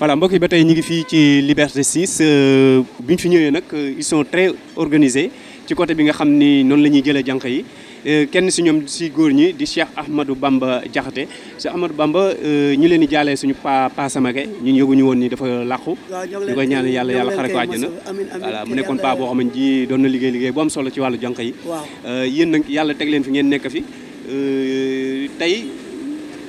voilà mbokk yi ba tey ñu ngi fii ci Liberté 6 euh, bi ñu fi ñëwee nag euh, ils sont très organisés ci côté bi nga xam ni noonu la ñuy jëlee jànq yi euh, kenn si ñoom si góor ñi di Cheikh Ahmadou Bamba Diakhaté Cheikh Ahmadou Bamba euh, ñu leen di jaalee suñu pa Pa Samake ñun yëguñu woon ni dafa làqu ñu koy ñaan yàlla yàlla xare ko àjjana voilà mu nekkoon pa boo xam ne ji doon na liggéey liggéey bu am solo ci wàllu jànq yi euh, yéen nag yàlla teg leen fi ngeen nekk fi tey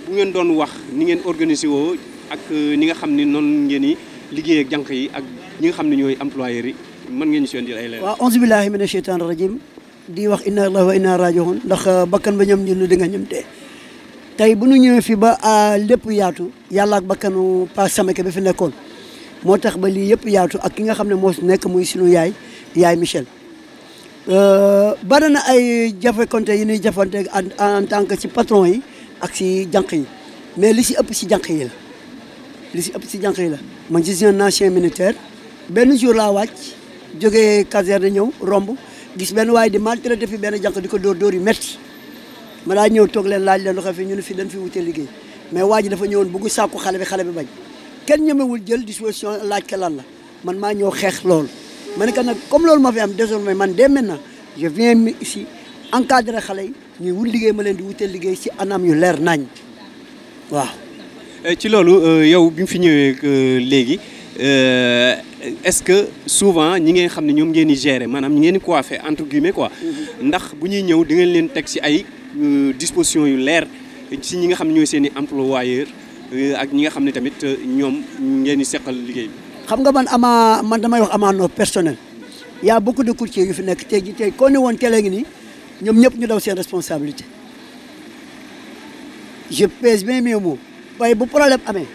bu ngeen doon wax ni ngeen organisé woo ak ni nga xam ni noonu ngeen i liggéey jànq yi ak ñu nga xam ne ñooy employeurs yi mën ngeen ñu si indil ay leer. waaw onze billahi mina sheytaani rajim di wax inna lillahi wa inna rajiun ndax euh, bakkan ba ñam ñun di nga ñam tee tey bu ñu ñëwee fii ba lépp yaatu yàlla ak bakkanu Pa Samake ba fi nekkoon moo tax ba lii yëpp yaatu ak ki nga xam ne moo nekk muy sunu yaay yaay Michel. Euh, bari na ay jafekonte yi ñuy jafante en tant que ci patron yi ak si jànq yi mais li si ëpp si jànq yi la li si ëpp si jànq yi la man je suis un ancien militaire benn jour laa wàcc. jógee caserne ñëw romb gis benn waaye di maltraité fi benn jànq di ko dóor dóor yu métti ma daa ñëw toog leen laaj leen lu xew fi ñu ne fi dañ fi wute liggéey mais waa ji dafa ñëwoon bëgg sàkku xale bi xale bi bañ kenn ñemewul jël disposition laaj ka la man maa ñëw xeex loolu ma ne que nag comme loolu ma fi am désormais man dès maintenant je viens ici encadrer xale yi ñuy wut liggéey ma leen di wuteel liggéey si anam yu leer nañ waaw. Eh, ci loolu euh, yow bi fi ñëwee euh, léegi. Euh, est-ce que souvent ñi ngeen xam ne ñoom ngeen di gérer maanaam ñi ngeen di coiffer entre guillemets quoi mm-hmm. ndax bu ñuy ñëw di ngeen leen teg ci ay euh, dispositions yu leer ci ñi nga xam ne ñooy seen i employeur euh, ak ñi nga xam ne tamit euh, ñoom ngeen di seqal liggéey bi. xam nga man amaa man damay wax ama non personnel y a beaucoup de yu fi nekk tey jii tey koo ne woon télé ngi nii ñoom ñëpp ñu daw seen responsabilité je pèse bien mes mots waaye bu problème amee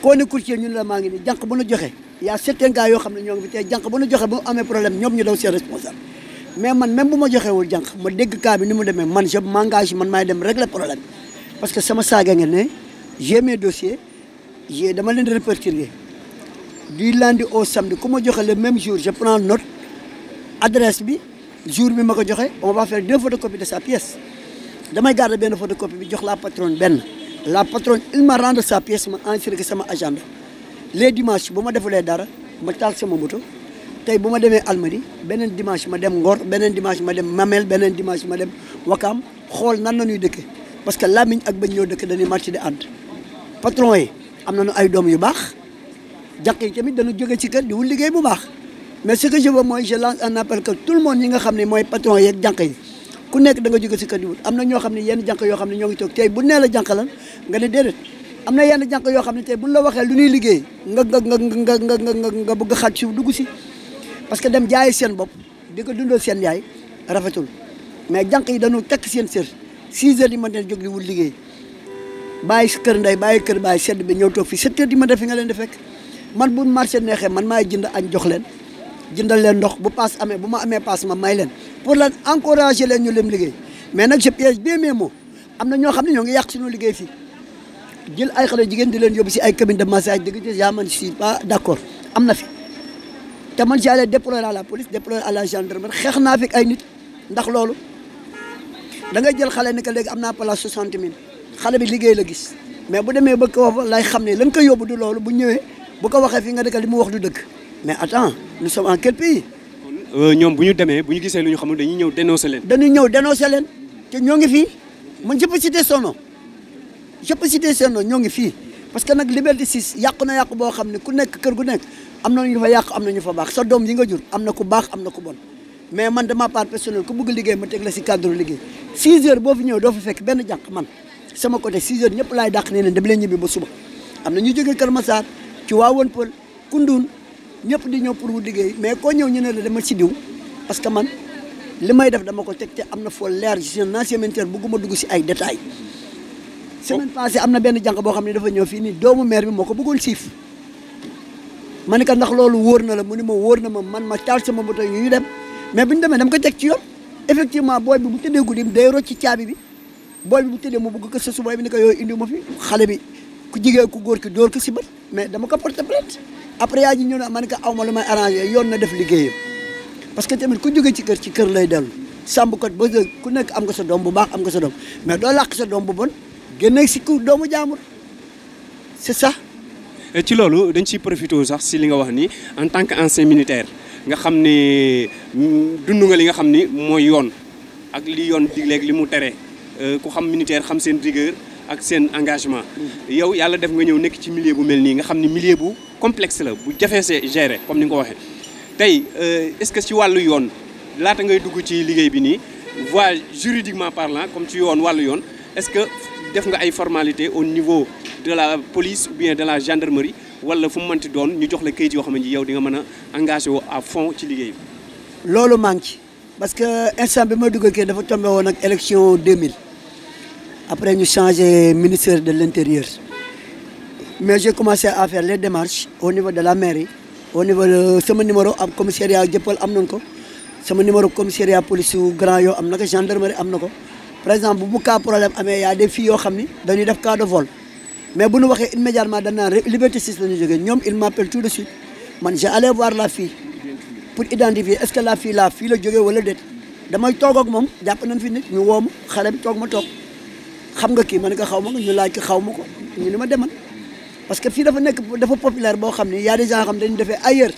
koo ne courtier la maa ngi nii jànq bu nu joxe. yaa a certains yoo xam ne ñoo ngi fi tey jànq ba nu joxe bu amee problème ñoom ñu daw seen responsable mais man même bu ma joxewul jànq ma dégg cas bi ni mu demee man je m'engage man maay dem régler problème parce que sama saaga nga ne j'ai mes dama leen répertorier du lundi au samedi ku ma joxe le même jour je prends note adresse bi jour bi ma ko joxe on va faire deux photocopies de sa pièce damay garder benn photocopie bi jox la patron benn la patronne il m'a rendre sa pièce ma inscrire sama agenda les dimanches bu ma defulee dara ma taal sama moto tey bu ma demee Almadi beneen dimanche ma dem Ngor beneen dimanche ma dem Mamel beneen dimanche ma dem Wakaam xool nan na ñuy dëkk parce que làmmiñ ak bañ ñoo dëkk dañuy marché di ànd patron yi am nañu ay doom yu baax jàq yi tamit dañu jóge ci kër di liggéey bu baax mais ce que je mooy je lance un appel que tout le monde ñi nga xam ne mooy patron yeeg jànq yi ku nekk da nga jóge ci kër di na ñoo xam ne yenn jànq yoo xam ne ñoo ngi toog tey bu nee la nga ne am na yenn jànq yoo xam ne tey buñ la waxee lu ñuy liggéey nga nga nga nga nga nga bëgg xaj si dugg si parce que dem jaayi seen bopp di ko dundal seen yaay rafetul mais jànq yi dañu tekk seen sër six heures yi mën leen jóg di wut liggéey bàyyi si kër ndey bàyyi kër bàyyi sedd bi ñëw toog fii sept heures yi ma def fi nga leen di fekk man bu marché neexee man maay jënd añ jox leen jëndal leen ndox bu paas amee bu ma amee paas ma may leen pour lan encourager leen ñu leen liggéey mais nag je piège bien mes mots am na ñoo xam ne ñoo ngi yàq suñu liggéey fii jël ay xale jigéen di leen yóbbu si ay cabine de massage dëgg yaa man si pas d'accord am na fi te man j'allais déployer à la police déployer à la gendarmerie xeex naa fi ay nit ndax loolu da ngay jël xale ni que léegi am naa place soixante mille xale bi liggéey la gis mais bu demee ba ko wax lay xam ne la koy yóbbu du loolu bu ñëwee bu ko waxee fi nga dëkk li mu wax du dëgg mais attends nous sommes en quel pays. Euh, ñoom bu ñu demee bu ñu gisee lu ñu xamul dañuy ñëw dénoncer leen. dañuy ñëw dénoncer leen te ñoo ngi fi man je peux citer son je peux citer seen ñoo ngi fii parce que nag Liberté 6 yàqu na yàqu boo xam ne ku nekk kër gu nekk am na ñu fa yàqu am na ñu fa baax sa doom yi nga jur am na ku baax am na ku bon mais man dama ma part personnelle ku bëgg liggéey ma teg la si cadre liggéey 6 heures boo fi ñëw doo fa fekk benn jànq man sama côté 6 heures ñëpp laay dàq ne leen dem leen ñibbi ba suba am na ñu jógee Kër Massar ci Tivaouane Peulh Koundoune ñëpp di ñëw pour wut liggéey mais koo ñëw ñu ne la dama si diw parce que man li may def dama ko teg te am na foo leer si seen ancien militaire bëgguma dugg si ay détails semaine passée am na benn jànq boo xam ne dafa ñëw fii nii doomu meer bi moo ko bëggoon siif ma ne ko ndax loolu wóor na la mu ni ma wóor na ma man ma taal sama moto yu ñu dem mais bu ñu demee dama ko teg ci yoon effectivement booy bi mu tëddee guddi day rocc caabi bi booy bi bu tëddee mu bëgg ko sa subooy bi ni ko yooyu indi ma fi xale bi ku jigéen ku góor ki dóor ko si mais dama ko porté plainte après yaa ji ñëw na ma ne ko aw ma may arrangé yoon na def liggéeyam parce que tamit ku jógee ci kër ci kër lay dellu sàmm ko ba ku nekk am nga doom bu baax am nga sa doom mais doo làq sa doom bu bon génne si ku doomu jaamur c'est ça. ci loolu dañ ciy profité sax si li nga wax nii en tant que ancien militaire nga xam ni mm, dund nga li nga xam ni mooy yoon ak li yoon digleeg li mu tere euh, ku xam militaire xam seen rigueur ak seen engagement. Mm. yow yàlla def nga ñëw nekk ci milieu bu mel nii nga xam ni milieu bu complexe la bu jafee gérer comme ni nga ko waxee tey euh, est-ce que ci wàllu yoon laata ngay dugg ci liggéey bi nii voie juridiquement parlant comme ci yoon wàllu yoon def nga ay formalité au niveau de la police ou bien de la gendarmerie wala fu mu mënti doon ñu jox la kayit yoo xam ne yow di nga mën a engagé wu à fond ci liggéey bi. loolu ci parce que instant bi ma duggal kii dafa tombé woon ak élection mille après ñu changé ministère de l' intérieur mais j'ai commencé affaire faire les démarches au niveau de la mairie au niveau de sama numéro am commissariat jëppal am nañ ko sama numéro commissariat police su Grand Yoff am na ko gendarmerie am na ko. par exemple bu cas problème amee yaa des yoo xam ni dañuy def cas de vol mais bu ñu waxee immédiatement dañ naan liberté 6 la ñu jógee ñoom il m'appelle tout de suite man j'ai allé voir la fille pour identifier est-ce que la fii la fii la jógee wala déet damay toog ak moom jàpp nañ fi nit ñu woo ma bi toog ma toog xam nga kii ma ne ko xaw ma ko ñu laaj ko xaw ma ko ñu ni ma demal parce que fii dafa nekk dafa populaire boo xam ne y a des gens xam dañu defee ailleurs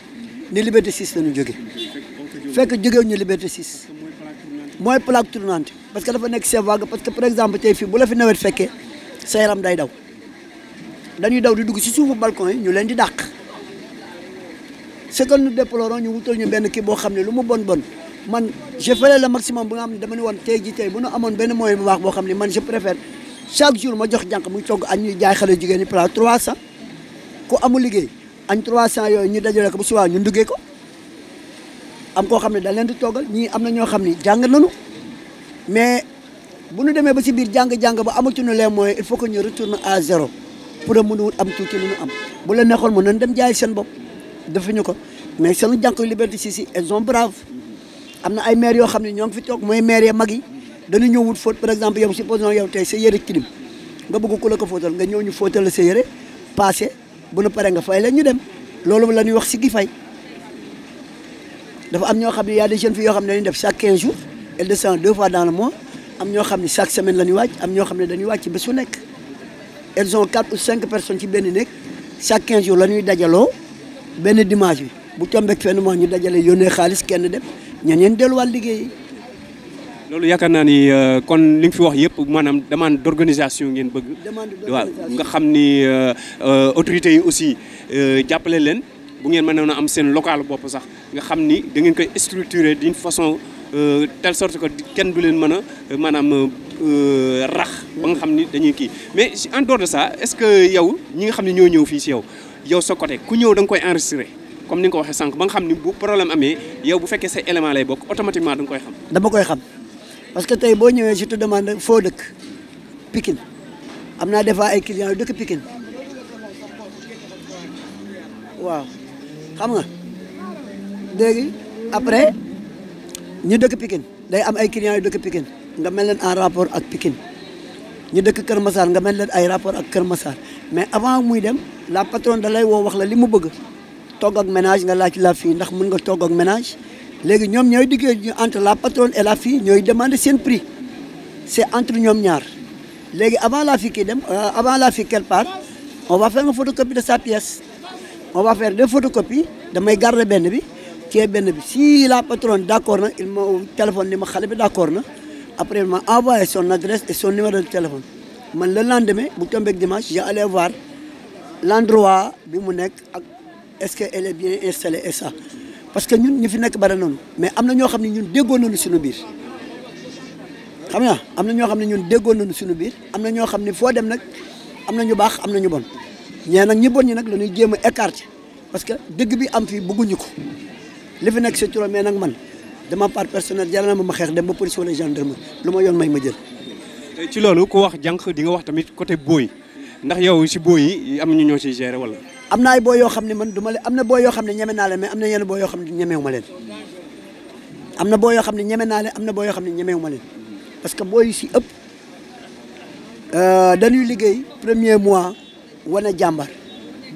ni liberté 6 la ñu jógee fekk jógee ñu liberté 6. mooy plaque tournante parce que dafa nekk c'est vague parce que par exemple tey fii bu la fi nawet fekkee sa yaram day daw dañuy daw di dugg si suufu balkon yi ñu leen di dàq ce que nous déplorons ñu wutal ñu benn kii boo xam ne lu mu bon bon man je ferai le maximum bu nga xam ne dama ni woon tey jii tey bu nu amoon benn moyen bu baax boo xam ne man je préfère chaque jour ma jox jànq muy togg añ ñuy jaay xale jigéen ñi plat 300 ku amul liggéey añ 300 yooyu ñu dajale ko bu subaa ñu duggee ko. am koo xam ne da leen di toggal ñii am na ñoo xam ne jàng nañu mais bu nu demee ba si biir jàng-jàng ba amatuñu les moyens il faut que ñu retourne à zéro pour a mën a wut am tuuti lu am bu la neexoon mën nañ dem jaay seen bopp defuñu ko mais seen jànku liberté si si elles sont braves am na ay maire yoo xam ne ñoo ngi fi toog mooy maire ya mag yi dañu ñëw wut fóot par exemple yow supposons yow tey sa yëre kilim nga bëgg ku la ko fóotal nga ñëw ñu fóotal sa yëre passé bu nu paree nga fay la ñu dem loolu la ñuy wax si gi fay dafa am ñoo xam ne y a des jeunes yoo xam ne dañuy def chaque 15 jours elles descendent deux fois dans le mois am ñoo xam ni chaque semaine la ñuy wàcc am ñoo xam ne dañuy wàcc bés su nekk elles ont quatre ou cinq personnes ci benn nekk chaque 15 jours la ñuy dajaloo benn dimanche bi bu tombeek fenn mois ñu dajale yónnee xaalis kenn dem ñeneen delluwaat liggéeyi. loolu yaakaar naa ni euh, kon li nga fi wax yëpp maanaam demande d' organisation ngeen bëgg. demande d' nga xam ni euh, euh, autorités yi aussi jàppale leen. bu ngeen mënoon a am seen local bopp sax nga xam ni da ngeen koy structurer d'une façon euh, tele sorte que kenn du leen mën a maanaam euh, rax ba nga xam ni dañuy kii mais en dehors de ça est-ce que yow ñi nga xam ne ñoo ñëw fii si yow yow sa côté ku ñëw da nga koy enregistrer comme ni nga ko waxee sànq ba nga xam ni bu problème amee yow bu fekkee sa élément lay bokk automatiquement da nga koy xam. dama koy xam parce que tey boo ñëwee je te demande foo dëkk Pikine am naa des fois ay clients yu dëkk xam nga léegi après ñu dëkk Pikine day am ay clients yu dëkk Pikine nga mel leen en rapport ak Pikine ñu dëkk Kër Massar nga mel leen ay rapport ak Kër Massar mais avant muy dem la patronne da lay woo wax la li mu bëgg togg ak ménage nga laaj la fii ndax mun nga togg ak ménage léegi ñoom ñooy diggee ñu entre la patronne et la fille ñooy demandé seen prix c'est entre ñoom ñaar léegi avant la fille kii dem euh, avant la fille quelque part on va faire une de sa pièce on va faire des photocopies damay garder benn bi kii benn bi si la patronne d' accord na il ma téléphone ni ma xale bi d' accord na après ma envoyé son adresse et son numéro de téléphone man le lendemain bu tombé dimanche j'ai allé voir l' bi mu nekk ak est ce que elle est bien installée et ça parce que ñun ñu fi nekk bare noonu mais am na ñoo xam ne ñun déggoon nañu suñu biir xam nga am na ñoo xam ne ñun déggoon nañu suñu biir am na ñoo xam ne foo dem nag am na ñu baax am na ñu bon. ñee nag ñi bon ñi nag la ñuy jéem a écarté parce que dëgg bi am fii bëgguñu ko li fi nekk si turam mais nag man dama part personnel jaral na ma ma xeex dem ba police wala gendarmerie lu ma yoon may ma jël. ci loolu ko wax jànq di nga wax tamit côté booy ndax yow si booy yi am ñu ñoo siy gérer wala. am na ay booy yoo xam ne man du ma leen am yoo xam ne ñeme naa leen mais am na yenn booy yoo xam ne na booy yoo xam ne ñeme naa leen am na booy yoo xam ne ñemewu ma leen parce que booy yi si ëpp euh, dañuy liggéey premier mois. wane jàmbar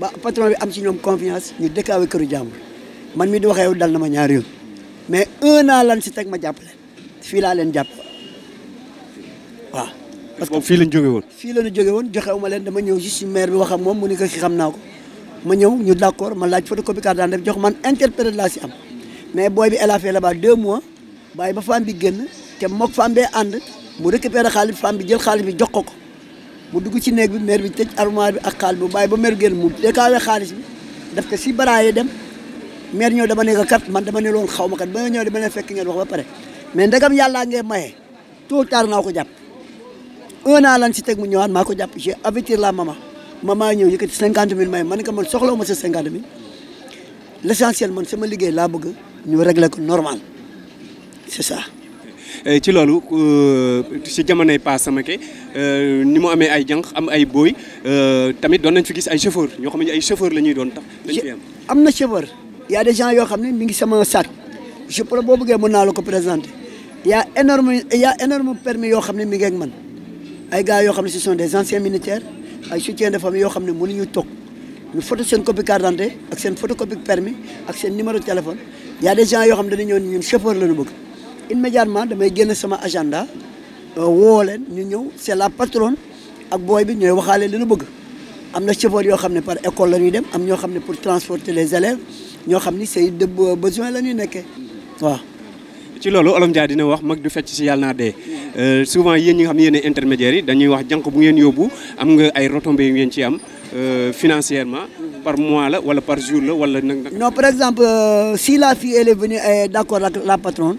ba patron bi am si ñoom confiance ñu dékaawe këru jàmbur man mii di waxee dal na ma ñaari yoon mais un an lan si teg ma jàpp leen fii laa leen jàpp waaw. parce que fii lañ jóge woon. fii la ñu jóge woon joxewu ma leen dama ñëw juste si maire bi wax ak moom mu ne ko xam naa ko ma ñëw ñu d' ma laaj photocopie carte d' jox man interprète laa si am mais booy bi elle a fait là deux mois bàyyi ba femme bi génn te mook femme bee ànd mu récupéré xaalis femme bi jël xaalis bi jox ko ko. mu dugg ci néeg bi maire bi tëj armoire bi ak kaal bi bàyyi ba maire génn mu dékaawee xaalis bi def ko si baraaye dem maire ñoo dama ne ko man dama ne loolu xaw ma kat ba ñëw dama ne fekk ngeen wax ba pare mais ndegam yàllaa ngee maye tôt ou tard naa ko jàpp un an lan si teg mu ñëwaat maa ko jàpp j'ai avertir la maman maman ñëw yëkkati cinquante mille may ma ne ko man soxlawu ma sa cinquante mille l' man sama liggéey laa bëgg ñu régler ko normal c' est ça Eh, ci loolu si euh, jamonoy paas Samake euh, ni mu amee ay jànq am ay booy euh, tamit doon nañ fi gis ay chauffeur ñoo xam ne ay chauffeur la ñuy doon tax. am na chauffeur. y a des gens yoo xam ne mi ngi sama sac je pense boo bëggee mën naa la ko présenter y a énorme y a énorme permis yoo xam ne mi ngi ak man ay gars yoo xam ne ce sont des anciens militaires ay soutien de famille yoo xam ne mënuñu toog. ñu photo seen copie carte d'identité ak seen photocopie permis ak seen numéro de a des yoo xam ne dañu ñëw ñun la ñu bëgg immédiatement damay génn sama agenda euh, woo leen ñu ñëw c'est la patronne ak booy bi ñooy waxaale li bëgg am na chauffeur yoo xam ne par école la ñuy dem am ñoo xam ne pour transporter les élèves ñoo xam ni c'est de besoin la ñuy nekkee waaw. ci loolu Olof Ndiaye wax mag du fecc si yàlla naa dee euh, souvent yéen ñi xam ne yéen intermédiaires yi dañuy wax jànq bu ngeen yóbbu am nga ay retombées yu ngeen ci am euh, financièrement par mois la wala par jour la wala. non par exemple si la fille elle est venue d'accord la patronne.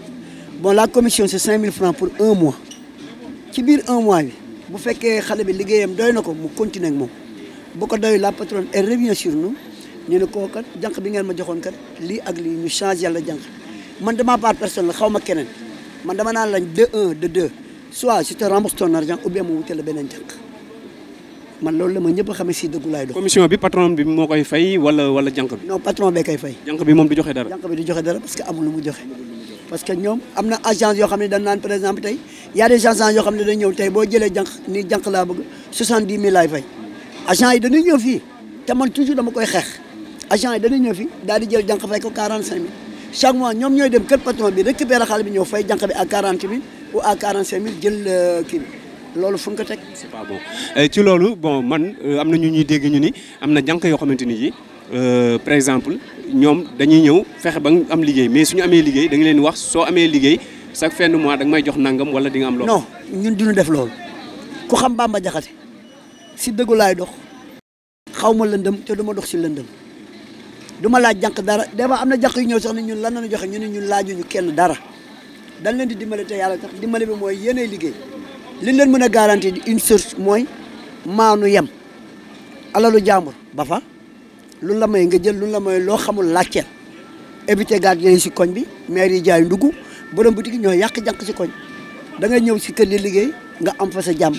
bon la commission c'est cinq mille francs pour un mois ci biir un mois bi bu fekkee xale bi liggéeyam doy na ko mu continuer moom boo ko doy la patronne elle revient sur nous ñu ne koo janq bi ngeen ma joxoon kat lii ak lii ñu change yàlla jànq man dama part personne la xaw ma keneen man dama naan lañ de un de deux soit je te rembourse ton argent ou bien mu wuteel la beneen jànq man loolu la ma ñëpp a xamee si dëggu laay dox. commission bi patron bi moo koy fay wala wala jànq bi. non patron bi moom du joxe dara. jànq bi du joxe dara parce que amul lu mu joxe. parce que ñoom am na agence yoo xam ne dañ naan par exemple tey y a des yoo xam ne dañ ñëw tey boo jëlee jànq ni jànq laa bëgg soixante-dix mille laay fay agent yi dañuy ñëw fii te man toujours dama koy xeex agent yi dañuy ñëw fii daal di jël jànq fay ko quarante-cinq mille chaque mois ñoom ñooy dem kër patron bi récupérer xaalis bi ñëw fay jànq bi à quarante mille ou à quarante-cinq mille jël euh, kii loolu fu ko teg c'est pas bon ci loolu bon man euh, am na ñu ñuy dégg ñu ni am na jànq yoo xamante ni yi Euh, par exemple ñoom dañuy ñëw fexe ba nga am liggéey mais suñu amee liggéey da nga leen wax soo amee liggéey chaque fin de mois da may jox nangam wala di nga am loolu. non ñun duñu def loolu ku xam Bamba Jaxate si dëggu laay dox xaw ma lëndëm te du ma dox si lëndëm du laaj janq dara dama am na jànq yu ñëw sax ne ñun lan nañu joxe ñu ne ñun laajuñu kenn dara dañ leen di dimbale te yàlla tax dimbale bi mooy yenee liggéey li leen mën a garanti une source mooy maanu yem alalu jàmbur ba lu la may nga jël lu la may loo xamul laajteel éviter gardien yi si koñ bi maire yi jaay ndugg borom boutique yi ñoo yàq jànq si koñ da ngay ñëw si kër yi liggéey nga am fa sa jàmm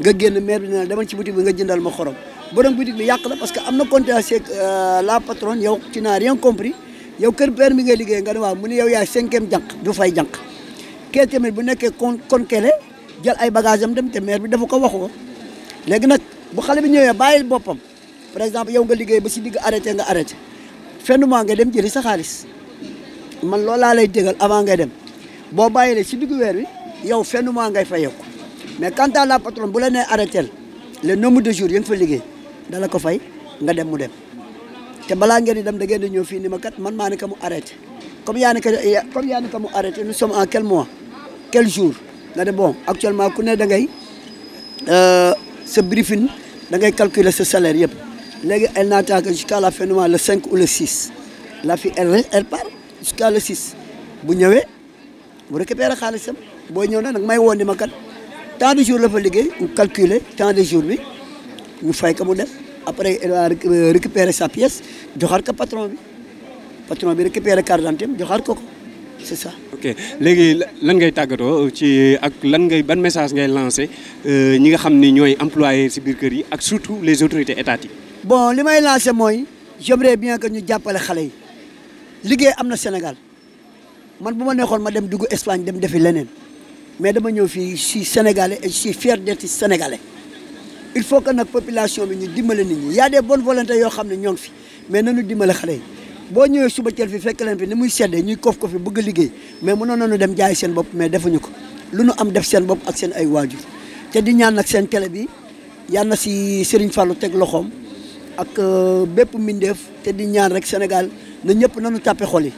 nga génn maire bi ne demal ci boutique bi nga jëndal ma xorom borom boutique bi yàq la parce que am na contact ak euh, la patronne yow tu n'as rien compris yow kër permis ngay liggéey nga ne waaw mu ni yow yaay cinquième jànq du fay jànq kee tamit bu nekkee kon kon kele jël ay bagage am dem te maire bi dafa ko waxu ko léegi nag bu xale bi ñëwee bàyyil boppam par exemple yow nga liggéey ba si digg arrêté nga arrêté fenn mois nga dem jëli sa xaalis man loolu laa lay dégal avant ngay dem boo bàyyilee si diggu weer wi yow fenn mois ngay fayeeku mais quant à la patronne bu la nee arrêté le nombre de jours ya nga fa liggéey dala ko fay nga dem mu dem te balaa ngeen di dem da ngeen di ñëw fii ni ma kat man maa ne ka mu arrêté comme yaa ne ka comme yaa ne ka mu arrêté nous sommes en quel mois quel jour nga ne bon actuellement ku ne da ngay euh, sa briefing da ngay calculer sa yëpp léegi elle n'attaque jusqu'à la fin du mois le 5 ou le 6 la fille elle part jusqu'à le 6 bu ñëwee bu récupéré xaalisam booy ñëw na nag may woon ni ma kat tant de jours la fa liggéey ñu calculer tant de jours bi ñu fay ko mu def après elle va euh, récupérer sa pièce joxaat ko patron bi patron bi récupérer carte d'identité am joxaat ko ko c'est ça. ok léegi la ngay tàggatoo ci ak lan ngay ban message ngay lancé euh, ñi nga xam ni ñooy employé si biir kër yi ak surtout les autorités étatiques. bon li may lancé mooy j'aimerais bien que ñu jàppale xale yi liggéey am na senegal man bu ma neexoon ma dem dugg Espagne dem defi leneen mais dama ñëw fii si sénégalais et je suis fier d'être il faut que nag population bi ñu dimbale ni ñi y a bon bonnes yoo xam ne ñoo ngi fi mais nañu dimbale xale yi boo ñëwee suba teel fi fekk leen fi ni muy seddee ñuy kof ko fi liggéey mais mënoon nañu dem jaay seen bopp mais defuñu ko lu nu am def seen bopp ak seen ay waajur te di ñaan nag seen télé bi yal na si Serigne Fallou teg loxoom. ak euh, bépp mbindeef te di ñaan rek Sénégal na ñëpp nanu tàppe xol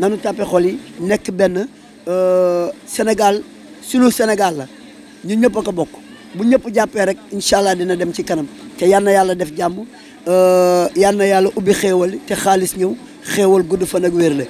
nanu tàppe xol yi nekk benn euh, Sénégal sunu Sénégal la ñu ñëpp a ko bokk bu ñëpp jàppee rek incha allah dina dem ci kanam te yal na yàlla def jàmm euh, yal na yàlla ubbi xéewal te xaalis ñëw xéewal gudd fan ak wér la